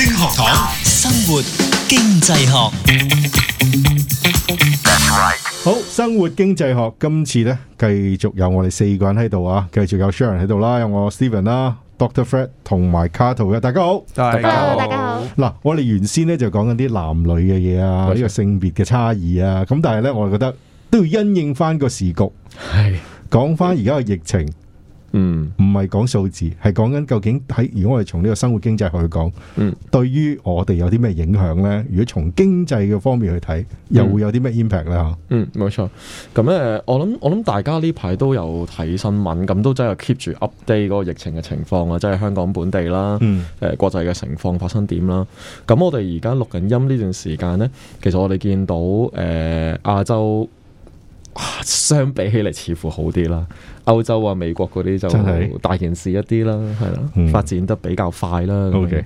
學生活經濟學，好！生活經濟學今次呢，繼續有我哋四個人喺度啊，繼續有 Sharon 喺度啦，有我 Steven 啦、Doctor Fred 同埋 Carter 嘅，大家好，大家好，Hello, 大家好。嗱，我哋原先呢，就講緊啲男女嘅嘢，啊，呢個錯性別嘅差異啊，咁但係呢，我哋覺得都要因應翻個時局，係講翻而家嘅疫情。嗯，唔係講數字，係講緊究竟喺如果我哋從呢個生活經濟去講，嗯，對於我哋有啲咩影響咧？如果從經濟嘅方面去睇，又會有啲咩 impact 咧？吓、嗯，嗯，冇錯。咁咧，我諗我諗大家呢排都有睇新聞，咁都真係 keep 住 update 個疫情嘅情況啊，即係香港本地啦，嗯，誒，國際嘅情況發生點啦。咁我哋而家錄緊音呢段時間咧，其實我哋見到誒亞、呃、洲。相比起嚟，似乎好啲啦。歐洲啊、美國嗰啲就大件事一啲啦，係啦，發展得比較快啦。O K，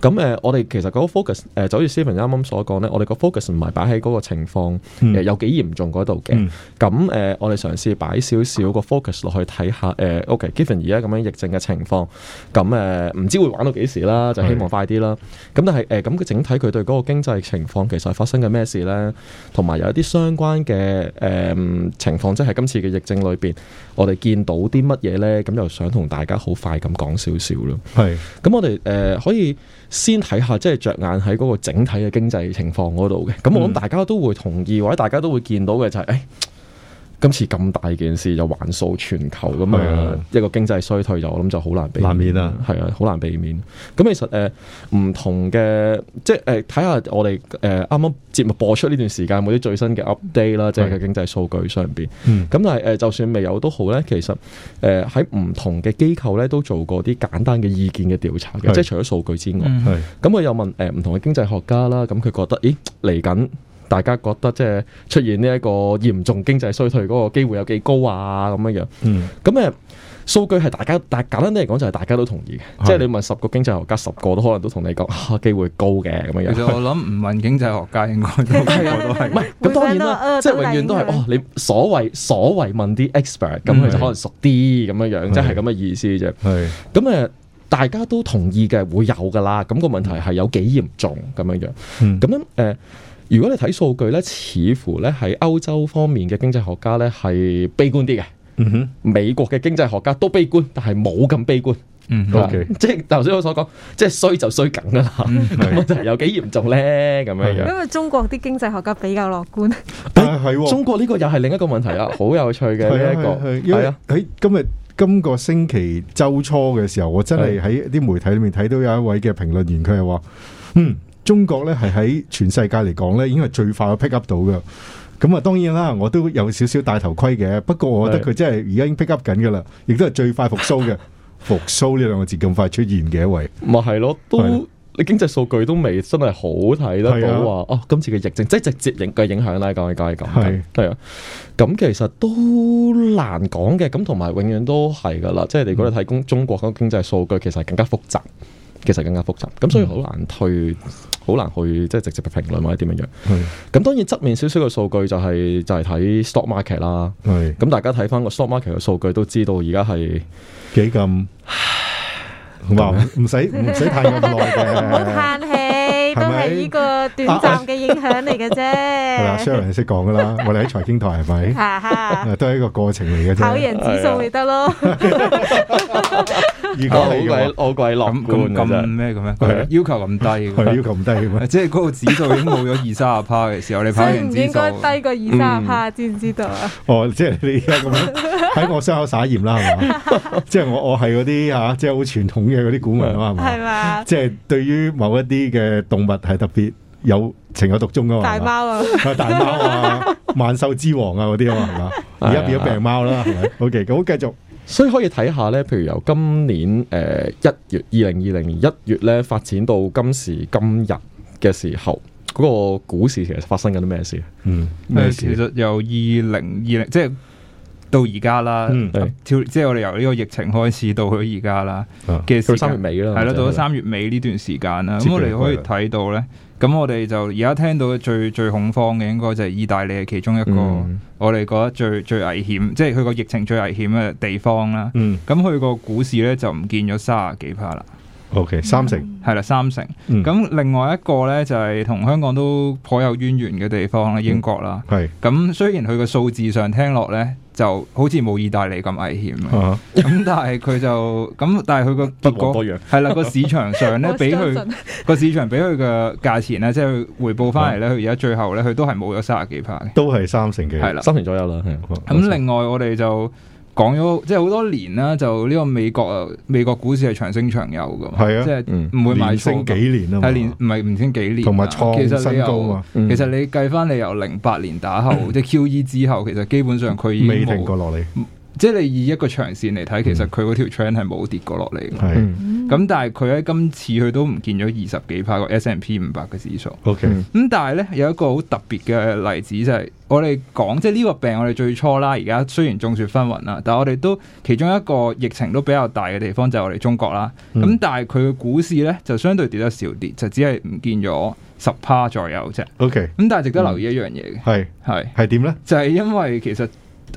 咁誒，我哋其實嗰個 focus 誒，就好似 Stephen 啱啱所講咧，我哋個 focus 唔係擺喺嗰個情況有幾嚴重嗰度嘅。咁誒，我哋嘗試擺少少個 focus 落去睇下誒。OK，Given 而家咁樣疫症嘅情況，咁誒唔知會玩到幾時啦，就希望快啲啦。咁但係誒，咁佢整體佢對嗰個經濟情況其實發生緊咩事咧，同埋有一啲相關嘅誒。嗯嗯，情況即係今次嘅疫症裏邊，我哋見到啲乜嘢呢？咁就想同大家好快咁講少少咯。係是，咁我哋誒、呃、可以先睇下，即係着眼喺嗰個整體嘅經濟情況嗰度嘅。咁我諗大家都會同意，嗯、或者大家都會見到嘅就係、是、誒。哎今次咁大件事就橫掃全球，咁啊的一個經濟衰退，我就我諗就好難避，難免啊，係啊，好難避免。咁其實誒唔、呃、同嘅，即係誒睇下我哋誒啱啱節目播出呢段時間冇啲最新嘅 update 啦，即係嘅經濟數據上邊。咁的但係誒、呃，就算未有都好咧，其實誒喺唔同嘅機構咧都做過啲簡單嘅意見嘅調查嘅，的即係除咗數據之外，咁佢的的又問誒唔、呃、同嘅經濟學家啦，咁佢覺得，咦嚟緊？大家覺得即係出現呢一個嚴重經濟衰退嗰個機會有幾高啊？咁樣樣，嗯，咁誒數據係大家，但係簡單啲嚟講就係大家都同意嘅，即係你問十個經濟學家，十個都可能都同你講，哦機會高嘅咁樣樣。其實我諗唔問經濟學家應該，都係唔係咁當然啦，即係永遠都係哦，你所謂所謂問啲 expert，咁佢就可能熟啲咁樣樣，即係咁嘅意思啫。係咁誒，大家都同意嘅會有㗎喇，咁個問題係有幾嚴重咁樣樣，咁樣誒。如果你睇數據咧，似乎咧喺歐洲方面嘅經濟學家咧係悲觀啲嘅。嗯哼，美國嘅經濟學家都悲觀，但係冇咁悲觀。嗯，OK，即係頭先我所講，即係衰就衰緊啦。咁啊，問題有幾嚴重咧？咁樣樣。因為中國啲經濟學家比較樂觀。係中國呢個又係另一個問題啊，好有趣嘅呢一個。係啊，喺今日今個星期週初嘅時候，我真係喺啲媒體裏面睇到有一位嘅評論員，佢係話，嗯。中國咧係喺全世界嚟講咧，已經係最快去 pick up 到嘅。咁啊，當然啦，我都有少少戴頭盔嘅。不過我覺得佢真係而家已經 pick up 緊噶啦，亦都係最快復蘇嘅，復蘇呢兩個字咁快出現嘅一位。咪係咯，都的你經濟數據都未真係好睇得到的啊！哦，今次嘅疫症即係直接影嘅影響啦，講嚟講嚟講係啊。咁的其實都難講嘅。咁同埋永遠都係噶啦，即係如果你提供中國嗰個經濟數據，其實更加複雜。其實更加複雜，咁所以好難退，好難去即係直接嘅評論或者點樣樣。咁當然側面少少嘅數據就係就係睇 stock market 啦。咁大家睇翻個 stock market 嘅數據都知道而家係幾咁，唉唔使唔使太咁耐嘅。都係呢個短暫嘅影響嚟嘅啫。係啦，share 人識講噶啦， 我哋喺財經台係咪？啊 都係一個過程嚟嘅啫。跑贏指數咪得咯。如果我我鬼諗咁咁咩咁咩？要求咁低，要求咁低即係嗰個指數已經冇咗二三十 percent 嘅時候，你跑贏指數低過二三十 percent，知唔知道啊？哦、就是，即係你而家咁喺我傷口撒鹽啦，係咪 是嗎？即係我我係嗰啲啊，即係好傳統嘅嗰啲股民啊，係咪？係嘛。即係對於某一啲嘅動物係特別有情有獨鍾噶嘛？大貓啊， 大貓啊，萬獸之王啊嗰啲啊嘛，係嘛？而家 變咗病貓啦，係咪？OK，咁好繼續，所以可以睇下咧，譬如由今年誒一、呃、月二零二零年一月咧發展到今時今日嘅時候，嗰、嗰個股市其實發生緊啲咩事？嗯，咩事？其實由二零二零即係。到而家啦，嗯啊、即係我哋由呢個疫情開始到去而家啦嘅時間尾啦，係咯、啊，到咗三月尾呢段時間啦。咁著我哋可以睇到咧，咁的我哋就而家聽到嘅最最恐慌嘅應該就係意大利，係其中一個我哋覺得最、嗯、最危險，即係佢個疫情最危險嘅地方啦。咁佢個股市咧就唔見咗卅幾 percent 啦。O.K. 三成係啦，三成。咁另外一個咧就係同香港都頗有淵源嘅地方啦，英國啦。係咁，雖然佢個數字上聽落咧就好似冇意大利咁危險啊。咁但係佢就咁，但係佢個結果係啦，個市場上咧俾佢個市場俾佢嘅價錢咧，即係回報翻嚟，咧佢而家最後咧，佢都係冇咗三十幾 percent。都係三成幾，係啦，三成左右啦。咁另外我哋就。講咗即係好多年啦，就呢個美國啊，美國股市係長升長有噶嘛，啊、即係唔會買升幾年啊，係年唔係唔升幾年，同埋創新高，其實你計翻、嗯、你，你由零八年打後， 即係 Q E 之後，其實基本上佢已經冇停過落嚟。即係你以一個長線嚟睇，其實佢嗰條 chain 係冇跌過落嚟嘅。咁、 嗯、但係佢喺今次佢都唔見咗二十幾 percent 個 S and P 五百嘅指數。O K，咁但係呢，有一個好特別嘅例子就係我哋講，即係呢個病我哋最初啦，而家雖然眾說紛紜啦，但係我哋都其中一個疫情都比較大嘅地方就係我哋中國啦。咁、嗯嗯、但係佢嘅股市呢，就相對跌得少啲，就只係唔見咗十 percent 左右啫。O K，咁但係值得留意一、嗯、樣嘢嘅係係點咧？就係因為其實。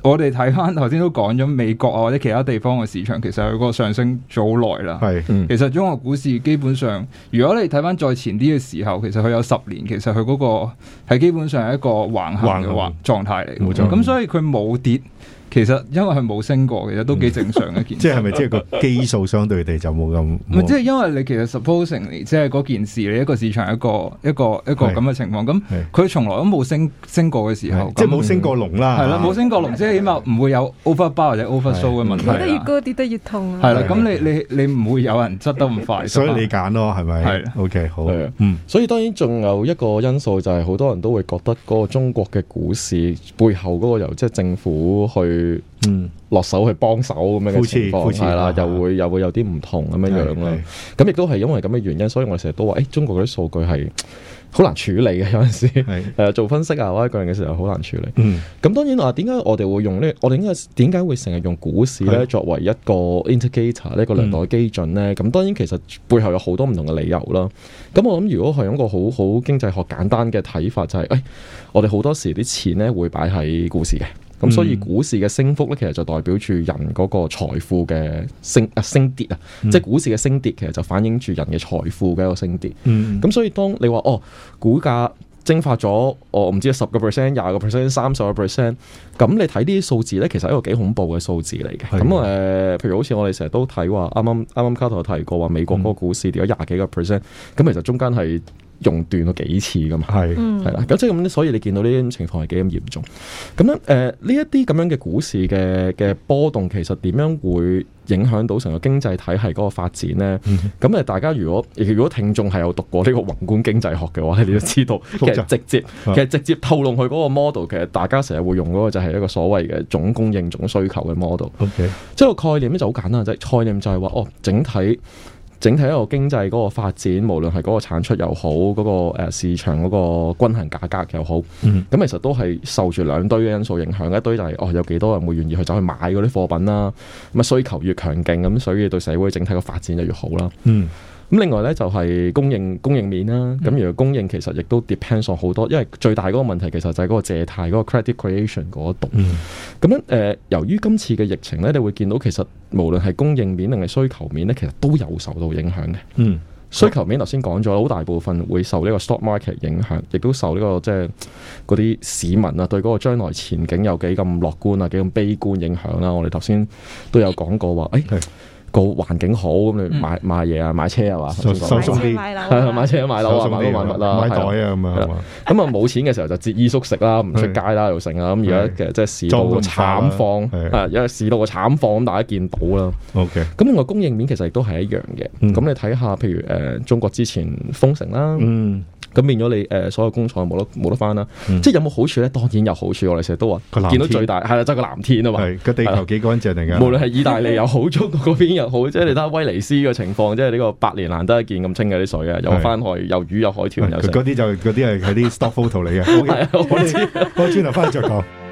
我哋睇翻頭先都講咗美國啊，或者其他地方嘅市場，其實佢嗰個上升咗好耐啦。係，嗯、其實中國股市基本上，如果你睇翻再前啲嘅時候，其實佢有十年，其實佢嗰個係基本上係一個橫行嘅橫狀態嚟嘅。咁、嗯嗯、所以佢冇跌。其實因為係冇升過，其實都幾正常一件事。即係咪即係個基數相對地就冇咁？唔係，即係因為你其實 supposing 即係嗰件事，你一個市場一個一個一個咁嘅情況，咁佢從來都冇升升過嘅時候，即係冇升過龍啦。係啦，冇升過龍，即係起碼唔會有 overbuy 或者 oversold 嘅問題。跌得越高，跌得越痛啊。係啦，咁你你你唔會有人執得咁快。所以你揀咯，係咪？係。O K，好。所以當然仲有一個因素就係好多人都會覺得嗰個中國嘅股市背後嗰個由即係政府去。嗯，落手去幫手咁樣嘅情況係啦，啊、又會、啊、又會有啲唔同咁樣樣咯。咁亦都係因為咁嘅原因，所以我哋成日都話，誒、哎，中國嗰啲數據係好難處理嘅，有陣時誒是、啊、做分析啊，我一個人嘅時候好難處理。咁、嗯、當然話，點解我哋會用呢？我哋應該點解會成日用股市咧、啊、作為一個 indicator 呢個量度嘅基準咧？咁、嗯、當然其實背後有好多唔同嘅理由啦。咁我諗如果係用一個好好經濟學簡單嘅睇法、就是，就係誒，我哋好多時啲錢咧會擺喺股市嘅。咁、嗯、所以股市嘅升幅咧，其實就代表住人嗰個財富嘅升啊升跌啊，即係股市嘅升跌，嗯、升跌其實就反映住人嘅財富嘅一個升跌。咁、嗯、所以當你話哦，股價蒸發咗，我、哦、唔知十個 percent、廿個 percent、三十個 percent，咁你睇呢啲數字咧，其實一個幾恐怖嘅數字嚟嘅。咁誒的、呃，譬如好似我哋成日都睇話，啱啱啱啱卡特提過話，美國嗰個股市跌咗廿幾個 percent，咁其實中間係。熔斷咗幾次噶嘛？係的，係啦。咁即係咁，所以你見到呢啲情況係幾咁嚴重。咁、呃、樣誒，呢一啲咁樣嘅股市嘅嘅波動，其實點樣會影響到成個經濟體系嗰個發展咧？咁誒、嗯，大家如果如果聽眾係有讀過呢個宏觀經濟學嘅話，你都知道、嗯、其實直接其實直接透露佢嗰個 model，其實大家成日會用嗰個就係一個所謂嘅總供應總需求嘅 model。O K，、嗯、即係個概念咧就好簡單，就係概念就係、是、話哦，整體。整體一個經濟嗰個發展，無論係嗰個產出又好，嗰、嗰個、呃、市場嗰個均衡價格又好，咁、嗯、其實都係受住兩堆嘅因素影響，一堆就係、係、哦有幾多人會願意去走去買嗰啲貨品啦、啊，咁啊需求越強勁咁，所以對社會整體嘅發展就越好啦。嗯。咁另外咧，就係供應，供應面啦，咁而供應其實亦都 depends on 好多，因為最大嗰個問題其實就係嗰個借貸嗰、嗰個 credit creation 嗰度。咁樣誒，由於今次嘅疫情咧，你會見到其實無論係供應面定係需求面咧，其實都有受到影響嘅。嗯、需求面頭先講咗，好大部分會受呢個 stock market 影響，亦都受呢、呢個即係嗰啲市民啊，對嗰個將來前景有幾咁樂觀啊，幾咁悲觀影響啦。我哋頭先都有講過話，誒、哎。個環境好咁，你買買嘢啊，買車啊，嘛收收送啊，買車買樓啊，買物買買袋啊咁啊，咁啊冇錢嘅時候就節衣縮食啦，唔出街啦又成啊。咁而家即係市道個慘況，啊，因為市道個慘況咁大家見到啦。咁另外供應面其實亦都係一樣嘅，咁你睇下，譬如誒中國之前封城啦，咁變咗你誒所有工廠冇得冇得翻啦，即係有冇好處咧？當然有好處，我哋成日都話見到最大係啦，即係個藍天啊嘛，個地球幾乾淨嚟噶，無論係意大利又好，中國嗰邊又好。好，即係你睇下威尼斯嘅情況，即係呢個百年難得一見咁清嘅啲水啊，有翻海，有魚，有海豚，有嗰啲就啲係啲 stock photo 嚟嘅，係，我哋我哋就轉頭返去再講。